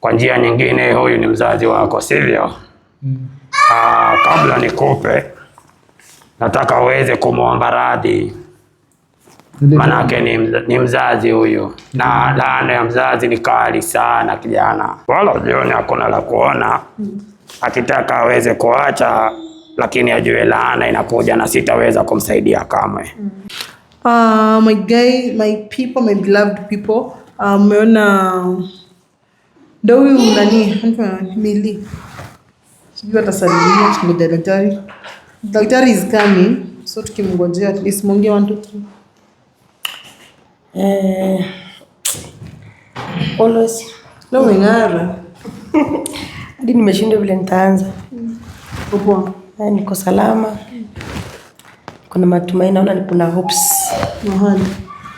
Kwa njia nyingine, huyu ni mzazi wako, sivyo? Mm. Ah, kabla nikupe, nataka uweze kumwomba radhi, manake ni, ni mzazi huyu, na mm. laana ya mzazi ni kali sana kijana. Wala jioni hakuna la kuona, mm. akitaka aweze kuacha, lakini ajue laana inakuja na sitaweza kumsaidia kamwe. Mm. Uh, my guy, my people, my beloved people, uh, ah, meona... Ndio huyu nani mili sijui atasalimia tume daktari. Daktari is coming, so tukimngojea at least mwongee one two three. Eh, always leo umeng'ara hadi nimeshindwa vile nitaanza. Upo eh, niko salama, kuna matumaini, naona kuna hopes mahali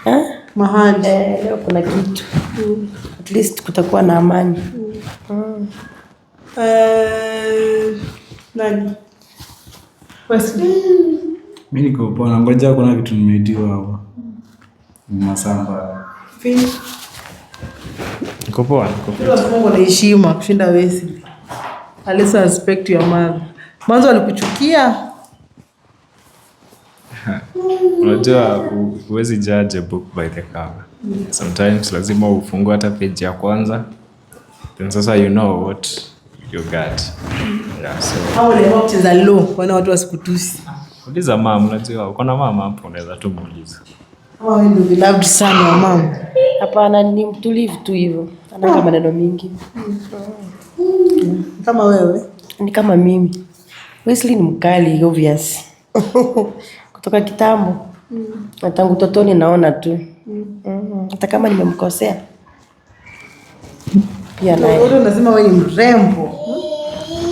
eh, mahali eh, leo kuna kitu mm at least kutakuwa na amani mm. eh, mi nikopona ngoja kuna vitu nimeitiwa hapa Masamba. Niko na heshima kushinda wesi Alisa respect your Mwanzo alikuchukia Unajua huwezi judge a book by the cover. Sometimes lazima ufungu hata page ya kwanza. Then sasa you know what you got. Yeah, so. Au ni hope za low, wana watu wasikutusi. Uliza mama, unajua uko na mama hapo unaweza tu muuliza. Oh, wewe ndio beloved sana wa mama. Hapana, ni mtulivu tu hivyo. anaka maneno mingi. Mm. Kama wewe? Ni kama mimi. Wesley ni mkali obvious. kutoka kitambo mm. na tangu totoni naona tu mm. Mm. hata kama nimemkosea pia naye. Wewe unasema wewe ni mrembo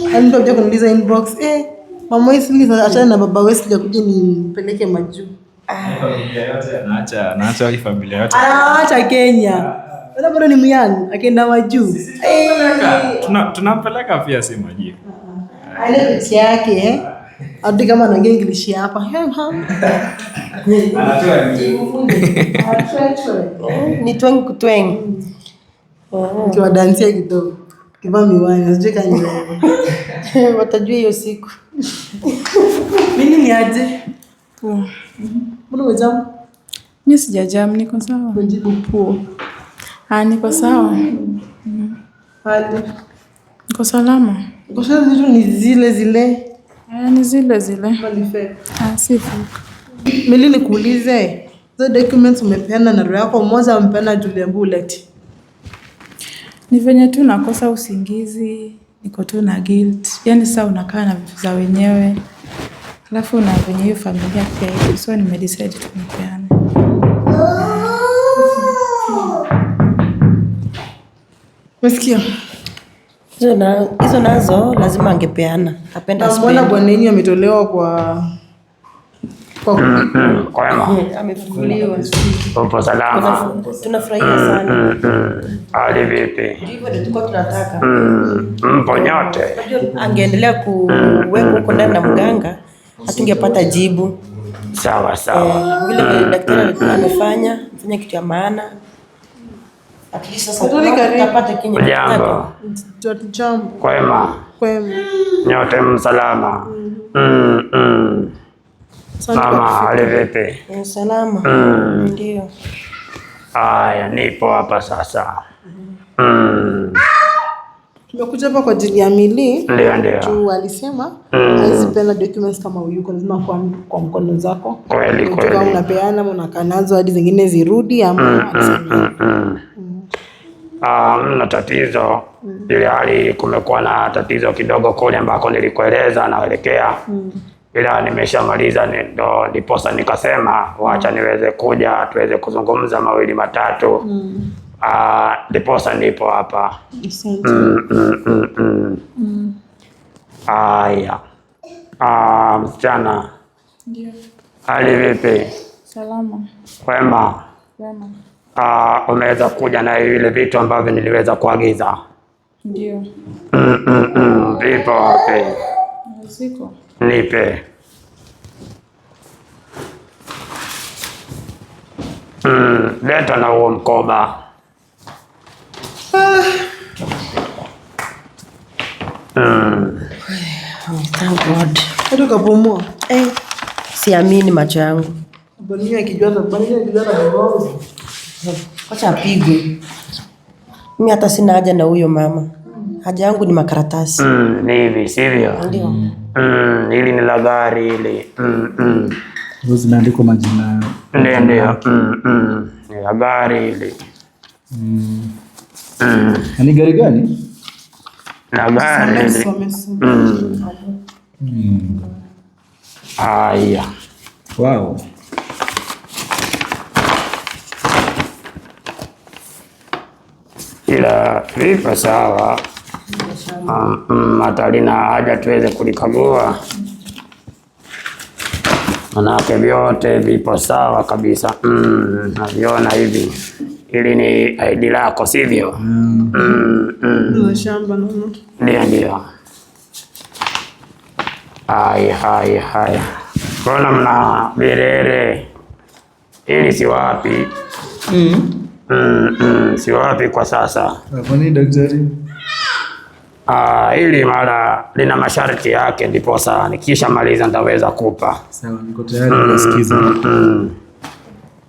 hadi yaani mtu akuja kuniuliza inbox, eh, mama Wesley, achana na baba Wesley akuje nimpeleke majuu. Anaacha anaacha familia yote, anaacha ah, Kenya na ah, ah. bado ni myan akienda majuu, tunampeleka pia si majuu, ale peke yake eh? adi kama anaongea English hapa. Ni tweng kutweng. Kiwadansia kidogo. Kivaa miwani, asijui kani watajua hiyo siku. Mimi ni aje? Mbona umejam? Mimi sijajam, niko sawa. Kujibu poa. Ah, niko sawa. Niko salama. Kwa sababu ni zile zile Eh, ni zile zile. Ah, Sifu. Mimi nikuulize, hizo documents umepeana na roho yako moja umepeana Julian Bullet? Ni venye tu nakosa usingizi, niko tu na guilt. Yaani saa unakaa na vitu za wenyewe. Alafu na venye hiyo familia pia hiyo. So nimedecide tumepeana. Msikia hizo nazo lazima angepeana. Apenda mbona bwana yenyu ametolewa kwa Amefunguliwa. Mm-hmm. upo salama, tunafurahia mm-hmm. sana. Hali vipi? Ndivyo tulikuwa tunataka, mm-hmm. mpo nyote. Angeendelea kuwekwa huko ndani na mganga, hatungepata jibu. Sawa sawa, eh, vile daktari alikuwa amefanya fanya kitu ya maana. Jambo kwema, nyote msalama. Mm-hmm. Mm-hmm. Mama hali vipi? Haya, mm-hmm. nipo hapa sasa. Tumekuja hapa kwa ajili ya mili Ndio, ndio. Tu alisema hawezi peana documents kama uyuko, lazima kwa kwa mkono zako. Kweli kweli. Unapeana unakaa nazo hadi zingine zirudi ama Ah, hamna tatizo mm. hali kumekuwa na tatizo kidogo kule ambako nilikueleza naelekea mm. Ila nimeshamaliza ndo ndiposa nikasema wacha niweze kuja tuweze kuzungumza mawili matatu mm. Uh, ndiposa nipo hapa mm, mm, mm, mm. Mm. Aya uh, msichana, hali vipi? Salama. Kwema. Kwema uh, ah, umeweza kuja na vile vitu ambavyo niliweza kuagiza. Ndio. Mm, mm, mm. Vipo wapi? Nipe. Mm, leta na huo mkoba. Mm. Thank God. kapumua. Eh, siamini macho yangu. na na Wacha apigwe. Mimi hata sina haja na huyo mama, haja yangu ni makaratasi. Mm, ni hivi sivyo? Ndio. Mm, hili ni la gari hili. Mm, mm. Hizo zimeandikwa majina. Ndio, ndio. Mm, mm, Ni la gari hili. Mm. Mm. Ni gari gani? La gari hili. Mm. Mm. Aya. Wow. ila vipo sawa. Ah, mm, hata lina haja tuweze kulikagua, manake vyote vipo sawa kabisa. Mm, naviona hivi. Hili ni ID lako sivyo? mm. mm, mm. Ndio, ndio. Haya, hai, hai. kona mna birere, hili si wapi? mm. Mm, mm, si wapi kwa sasa. Kwa nini daktari? Ah, mara lina masharti yake, nikisha maliza nitaweza kupa. Sawa, niko tayari kusikiza. Mm, mm.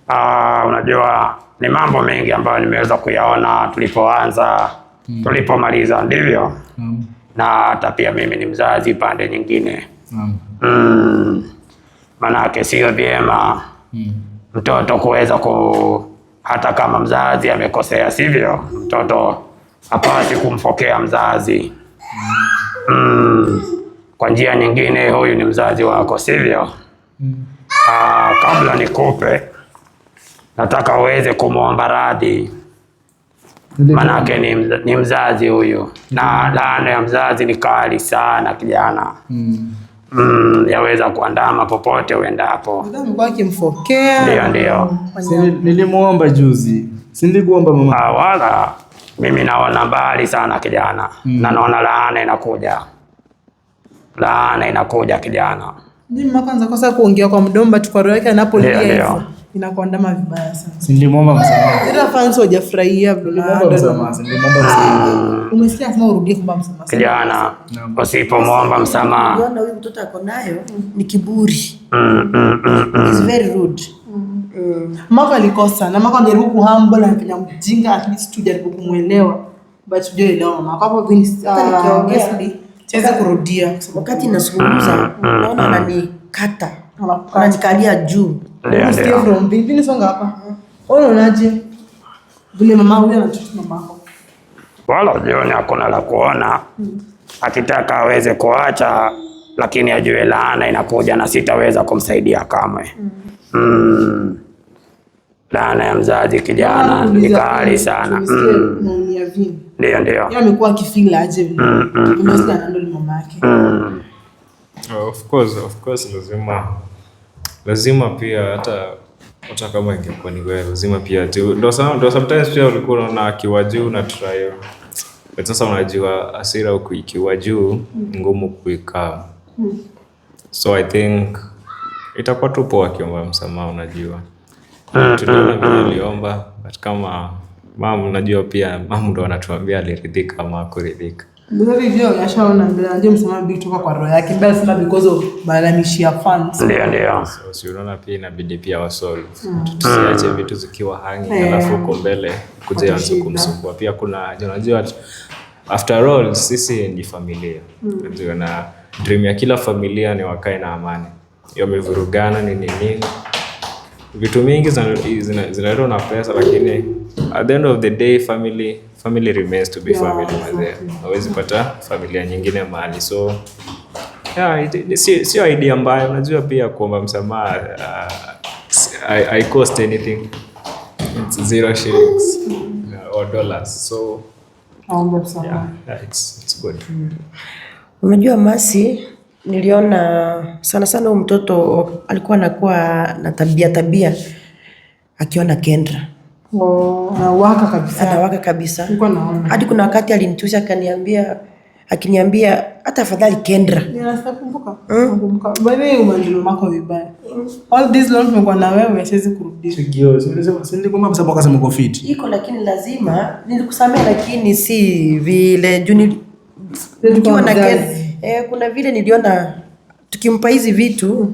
Ah, unajua ni mambo mengi ambayo nimeweza kuyaona tulipoanza, mm. tulipomaliza, ndivyo na hata pia mimi ni mzazi pande nyingine mm. Mm. Manake sio vyema mm. mtoto kuweza ku hata kama mzazi amekosea, sivyo? Mtoto hapasi kumfokea mzazi mm. Kwa njia nyingine, huyu ni mzazi wako, sivyo? Aa, ah, kabla nikupe, nataka uweze kumwomba radhi, manake ni mzazi huyu, na laana ya mzazi ni kali sana, kijana mm. Mm, yaweza kuandama popote uendapo. Ndio, ndio. Nilimuomba juzi, si mama? Ah, wala mimi naona mbali sana kijana mm. na naona laana inakuja, laana inakuja kijana. Mimi kwanza kosa kuongea kwa mdomba tu, kwa roho yake anapolia hivyo inakuandama vibaya sana. Nilimwomba msamaha. Hata fans hawajafurahia ah, umesikia, sema urudie kuomba msamaha. Kijana usipomwomba msamaha, unaona huyu mtoto ako nayo ni kiburi. It's mm, mm, mm, very rude. Mako alikosa na Mako anajaribu kuhamba na kina mjinga, at least jaribu kumwelewa but tujaelewa mama. Kwa hivyo ni ah, siwezi kurudia wakati nasungumza, naona ananikata ananikalia juu Yaani yaani ah. Wala jioni hakuna la kuona. Hmm. Akitaka aweze kuacha lakini ajue laana inakuja na sitaweza kumsaidia kamwe. Mm. Mm. Laana ya mzazi kijana ni kali sana. Hmm. Ndio, ndio. Yaani hmm, oh, of course, of course lazima lazima pia hata hata kama ingekuwa ni wewe, lazima pia tu ndo sometimes pia ulikuwa unaona akiwa juu na try but sasa unajua asira huku ikiwa juu mm. ngumu kuikaa, mm. so I think itakuwa tu poa akiomba msamaha, unajua ah, tunaona ah, vile ah. aliomba, but kama mam, unajua pia mam ndo anatuambia aliridhika ama kuridhika Unaona, pia inabidi pia wasolve, hmm. tusiache vitu zikiwa hangi, eh. alafu uko mbele kuja ianze kumsumbua pia. Kuna unajua, after all sisi ni familia, unajua, hmm. na dream ya kila familia ni wakae na amani. Wamevurugana ni nini, vitu mingi zinaletwa na pesa, lakini at the end of the day family family remains to be yeah, family mazee, hawezi pata familia nyingine mahali so yeah, sio idea mbaya. Unajua pia kuomba msamaha uh, I, cost anything it's zero shillings uh, or dollars so yeah, yeah, it's, it's good. Mm. Unajua Masi, niliona sana sana huyu mtoto alikuwa anakuwa na tabia tabia akiona Kendra anawaka oh. kabisa. Anawaka kabisa. Hadi kuna wakati alinitusha akaniambia akiniambia hata afadhali Kendra. Hmm? Iko lakini lazima nilikusamea lakini si vile juu tukiwa na eh, kuna vile niliona tukimpa hizi vitu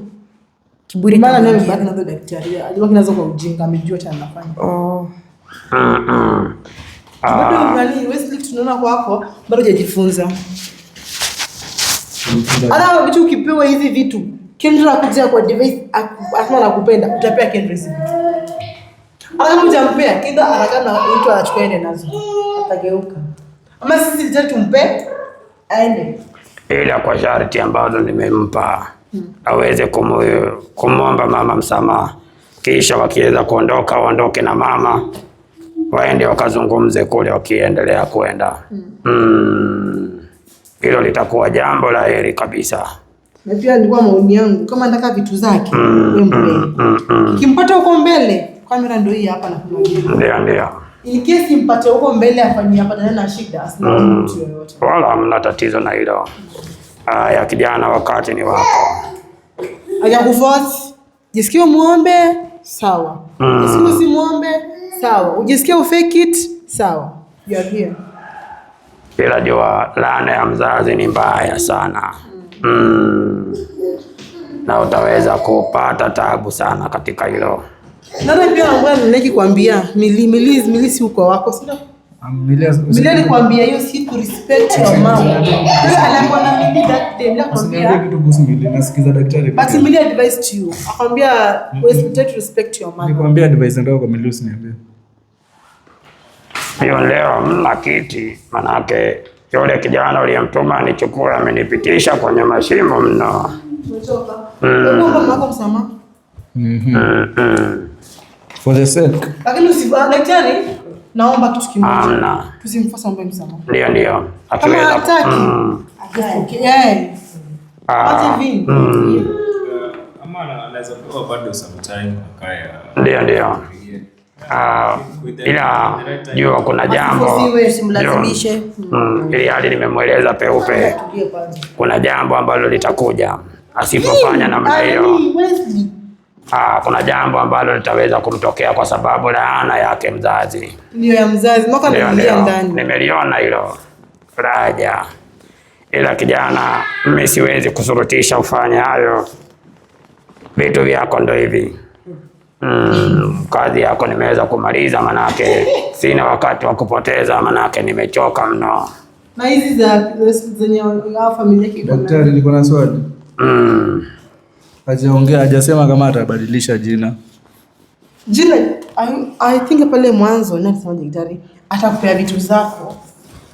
kiburi. Maana nani bado nazo daktari. Alibaki nazo kwa ujinga, amejua cha anafanya. Oh. Bado ah. ngali Wesley tunaona kwako bado hujajifunza. Hata vitu ukipewa hizi vitu, Kendra akuja kwa device asema anakupenda, utapea Kendra hizi vitu. Hata kama hujampea, Kendra anakaa na mtu anachukua ende nazo. Atageuka. Ama sisi tutumpe aende. Ila kwa sharti ambazo nimempa aweze kumwomba mama msamaha, kisha wakiweza kuondoka waondoke na mama waende wakazungumze kule, wakiendelea kwenda mm. hilo mm. mm. litakuwa jambo la heri kabisa. Na pia nilikuwa maoni yangu kama nataka vitu zake mm, mm, kimpata huko mbele, kamera ndio hii hapa na ndio ndio in mpate huko mbele afanyie hapa na shida, asina mtu yoyote wala hamna tatizo na hilo. Haya kijana, wakati ni wako. Hajakuforce. Jisikia muombe, sawa. Mm. Jisikia si muombe, sawa. Ujisikia ufake it, sawa. You are jua laana ya mzazi ni mbaya sana. Mm. Na utaweza kupata tabu sana katika hilo. Nani pia ambaye ninakikwambia, milisi milisi uko wako, sio? Nilikwambia ah, hiyo si respect your mom. Nasikiza daktari. But you. Akwambia respect your mom. Nilikwambia kwa usiniambie. Hiyo leo mna kiti manake yule kijana uliyemtuma nichukua amenipitisha kwenye mashimo mno. Mm. Mm-hmm. For the sake. Lakini daktari. Naomba kitu kimoja. Tusimfuate msamaha. Ndio ndio. Akiweza. Mm. Ah. Mm. Eh, Amana anaweza kuwa bado sometime akaya. Ndio ndio. Ah, ila jua kuna jambo simlazimishe. Mm, ili hali nimemweleza peupe. Kuna jambo ambalo litakuja asipofanya namna hiyo. Aa, ah, kuna jambo ambalo litaweza kumtokea kwa sababu laana yake mzazi ndio ya mzazi. Nimeliona hilo Raja, ila kijana, mimi siwezi kusurutisha ufanye hayo vitu vyako. Ndo hivi mm, kazi yako nimeweza kumaliza, manake sina wakati wa kupoteza, manake nimechoka mno. Na hizi za zenye familia, daktari, niko na swali mm hajaongea, hajasema kama atabadilisha jina. Jina I think pale mwanzo gitari atakupea vitu zako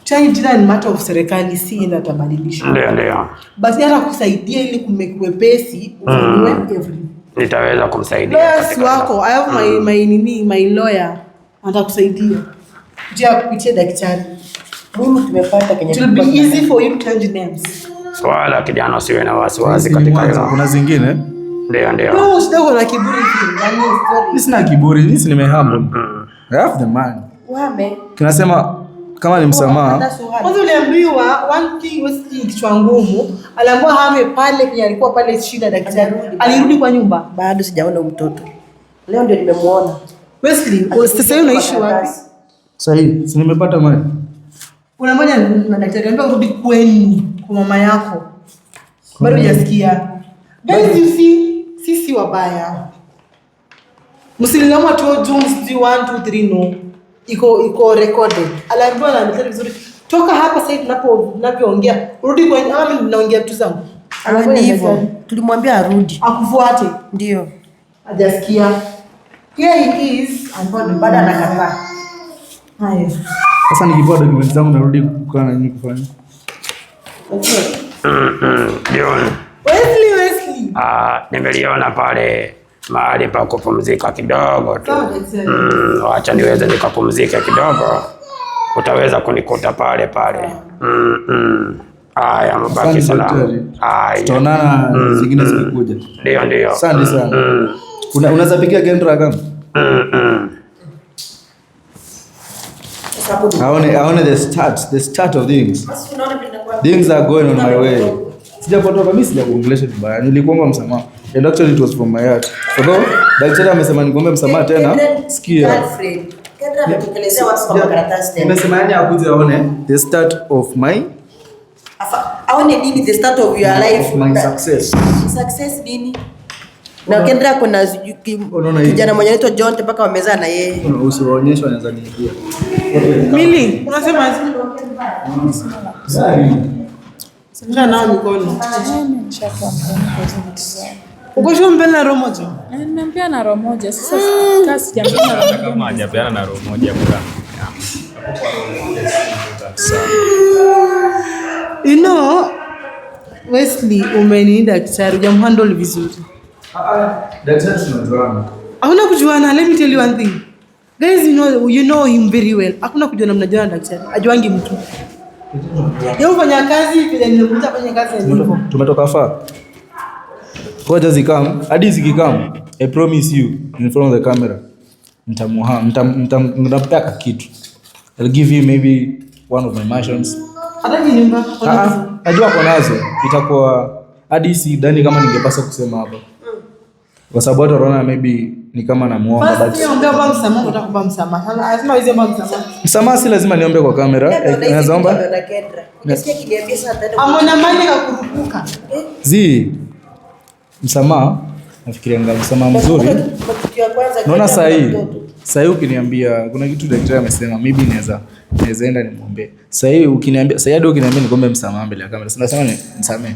chai jina ni mata of serikali, si ile atabadilisha. Ndio, ndio. Basi hata kusaidia ili kumekuwepesi ufanyiwe mm. every. Nitaweza kumsaidia. Yes, wako. I have my mm. my nini my lawyer atakusaidia. Je, kupitia daktari. Mimi tumepata Kenya. It will be easy for you to change names swala kijana, usiwe na wasiwasi katika hilo. Kuna zingine ndio ndio, sina kiburi mimi, nimehamu kinasema kama ni msamaha oh, kwanza, uliambiwa one thing was kichwa ngumu, aliambiwa hame pale kwenye alikuwa pale shida. Daktari alirudi kwa nyumba, bado sijaona mtoto, leo ndio nimemuona. Wesley, sasa hivi unaishi wapi? Sasa hivi si nimepata maji, una maji na daktari aliambiwa urudi kwenu kwa mama yako bado hujasikia. Guys, you see, sisi wabaya, msililaumu ati one two three, no, iko iko recorded. Alaambiwa na vizuri, toka hapa sasa tunapo tunavyoongea, rudi kwa ama naongea vitu zangu. Hivyo tulimwambia arudi akufuate, ndio hajasikia. Here he is, baada anakataa. Haya sasa, nikipewa dokumenti zangu narudi kukaa na nyinyi kufanya Mm-hmm. Ah, nimeliona pale mahali pa kupumzika kidogo tu. Mm, wacha niweze nikapumzike kidogo, utaweza kunikuta pale pale. Mm, Aya, mbaki salama. Aya, tutaonana mm-hmm. zingine zikikuja. Ndio, ndio, asante sana. Unaweza pigia Kendra kama aone, aone the start, the start of things. Things are going on my way. Sijapotoka mimi, sijakuongelesha vibaya. Nilikuomba msamaha. And actually it was from my heart. Although daktari amesema nikuombe msamaha tena. Sikia. Nimesema yani akuje aone the start of my aone nini the start of your life. Success. Success nini? na ukienda kuna kijana mwenye anaitwa John mpaka wamezaa na yeye. Usiwaonyeshe wanaanza kuingia. Mimi unasema sasa nao mikono. Uko shule mbele na roho moja? Niambia na roho moja. Sasa kasi ah. ya na jamani. Kama hajapeana na roho moja bora. You know, Wesley umeni daktari, hujamhandle vizuri. Hakuna kujuana. Let me tell you one thing. Guys, you know, you know him very well. Hakuna kujuana, mnajuana daktari. Ajuangi mtu. Yeye ufanya kazi vile nimekuta fanya kazi. Tumetoka Kwa jazi kamu. hadi zikikam. I promise you in front of the camera. Nitamuha, nitamtaka kitu. I'll give you maybe one of my mansions. Hata nyumba. Ajua kwa ah, ah, nazo itakuwa hadi si dani kama ningepaswa kusema hapa kwa sababu watu wanaona maybe ni kama namuomba, msamaha si lazima niombe kwa kamera, naweza omba zi msamaha. Nafikiria ngapi msamaha mzuri, naona saa hii saa hii ukiniambia kuna kitu daktari amesema, maybe naweza naweza enda nimwombe hii ukiniambia saa hii hadi ukiniambia nikombe msamaha mbele ya kamera, nasema nisamehe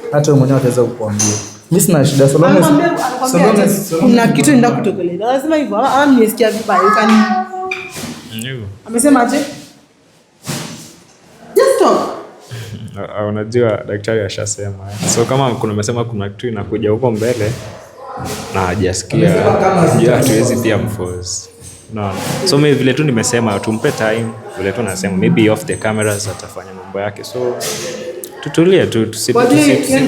hata wewe mwenyewe utaweza kukuambia. Mimi sina shida as Kuna kitu nenda kutokeleza. Lazima hivyo, ama nimesikia vibaya. Ukani. Ndio. Amesema aje? Just stop. Ah, unajua daktari ashasema. Eh. So kama kuna amesema kuna kitu inakuja huko mbele na hajasikia, hatuwezi pia mforce. No. So mimi vile tu nimesema tumpe time, vile tu nasema maybe off the cameras atafanya mambo yake. So tutulie tu, tusipotusikie kenye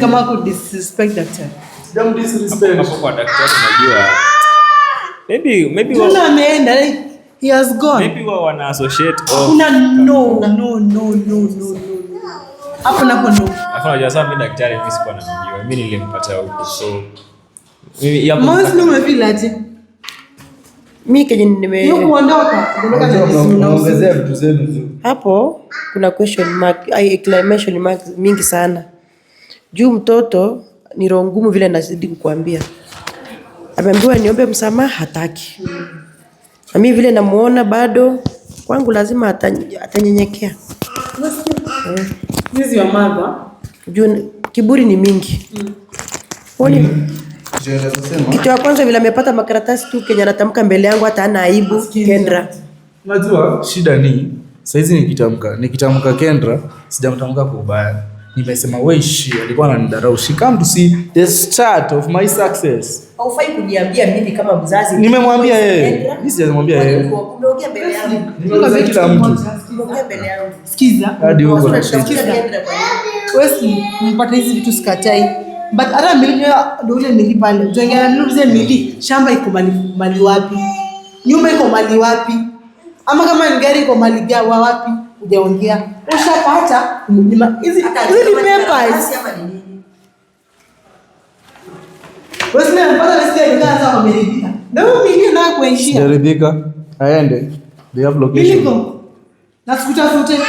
vitu zenu hapo kuna question mark, exclamation mark mingi sana juu mtoto ni roho ngumu, vile nazidi kukuambia, Ameambiwa niombe msamaha, hataki. Nami vile namuona bado kwangu, lazima atanyenyekea juu kiburi ni mingi mm. Kitu ya kwanza vile amepata makaratasi tu Kenya, anatamka mbele yangu, hata ana aibu. Kendra, unajua shida ni Saizi nikitamka nikitamka Kendra sijamtamka kwa ubaya, nimesema we she alikuwa ananidharau. She come to see the start of my success. Haufai kuniambia mimi kama mzazi. Nimemwambia yeye, mimi sijamwambia yeye. Unaongea mbele yangu, unaongea kila mtu, mbele yangu. Sikiza hadi huko unasikiza wewe, hizi vitu sikatai but hata mimi ndio ile nilipanda, tuangalia ndio mili shamba iko mali wapi, nyumba iko mali wapi ama kama ni gari kwa mali wa wapi ujaongea, ushapata hizi jaridhika aende nasikutafute,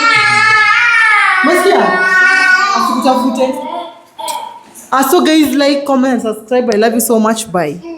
asikutafute. aso ah, ah, ah. guys, like, comment subscribe. I love you so much. Bye.